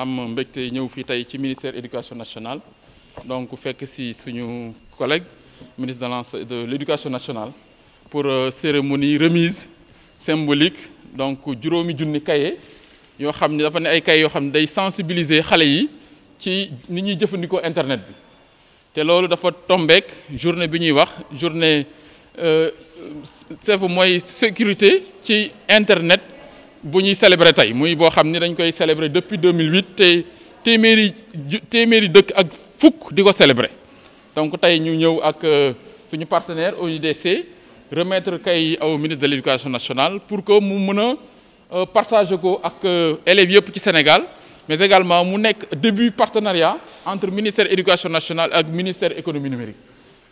am sommes ñëw fii tey ci ministère éducation nationale donc fekk si suñu collègue ministre de l'éducation nationale pour euh, cérémonie remise symbolique donc juróomi junni kaye yo xam dafa ay sensibiliser les yi ci ni ñuy jëfandikoo internet bi te loolu dafa journée bi ñuy wax journée euh, chef sécurité ci internet bu célébrer tay muy bo xamni dañ koy célébrer depuis 2008 té téeméeri téeméeri dëkk ak fuk diko célébrer donc tay ñu ñëw ak euh, suñu partenaire OIDC remettre kay au ministre de l'éducation nationale pour que mu partagions avec euh, partager ko ak euh, élèves yëpp ci Sénégal mais également mu nekk début partenariat entre ministère de l'éducation nationale ak ministère économie numérique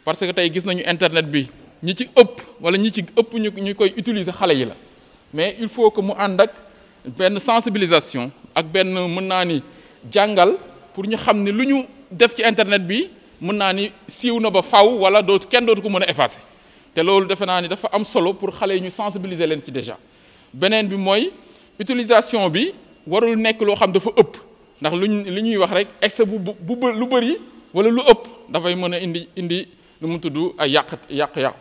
parce que tay gis nañu internet bi ñi ci ëpp wala ñi ci ëpp utiliser xalé yi mais il faut que mu ànd ak benn sensibilisation ak ben mën naa ni pour ñu xam luñu def ci internet bi mën naa siiw na ba faaw wala dootu kenn dootu ko mën effacer té loolu defé naa ni dafa am solo pour xalé ñu sensibiliser leen ci déjà benen bi moy utilisation bi warul nek lo xam dafa ëpp ndax luñ liñuy wax rek excès bu bu lu bëri wala lu ëpp da fay mëna indi indi lu mu tudd ay yaq yaq yaq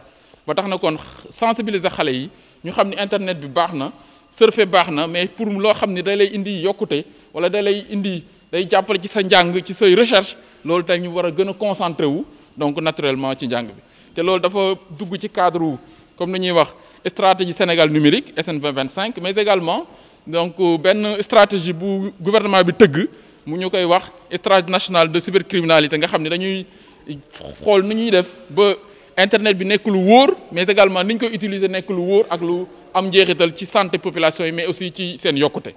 ba tax na kon sensibiliser xalé yi ñu avons internet bi baxna surfer baxna mais pour lo xamni ni day lay indi yokuté wala day lay indi day jappal ci sa njàng ci say recherche lolou tay ñu wara gëna gën concentré wu donc naturellement ci njàng bi té lolou dafa dugg ci cadre comme ni ñuy wax stratégie Sénégal numérique SN 2025 mais également donc ben stratégie bu gouvernement bi tëgg mu ñukay wax stratégie nationale de cybercriminalité nga xamni dañuy xol nu ñuy def ba internet bi nekul woor mais également niñ ko utiliser nekul woor ak lu am njeexital ci santé population mais aussi ci sen yokuté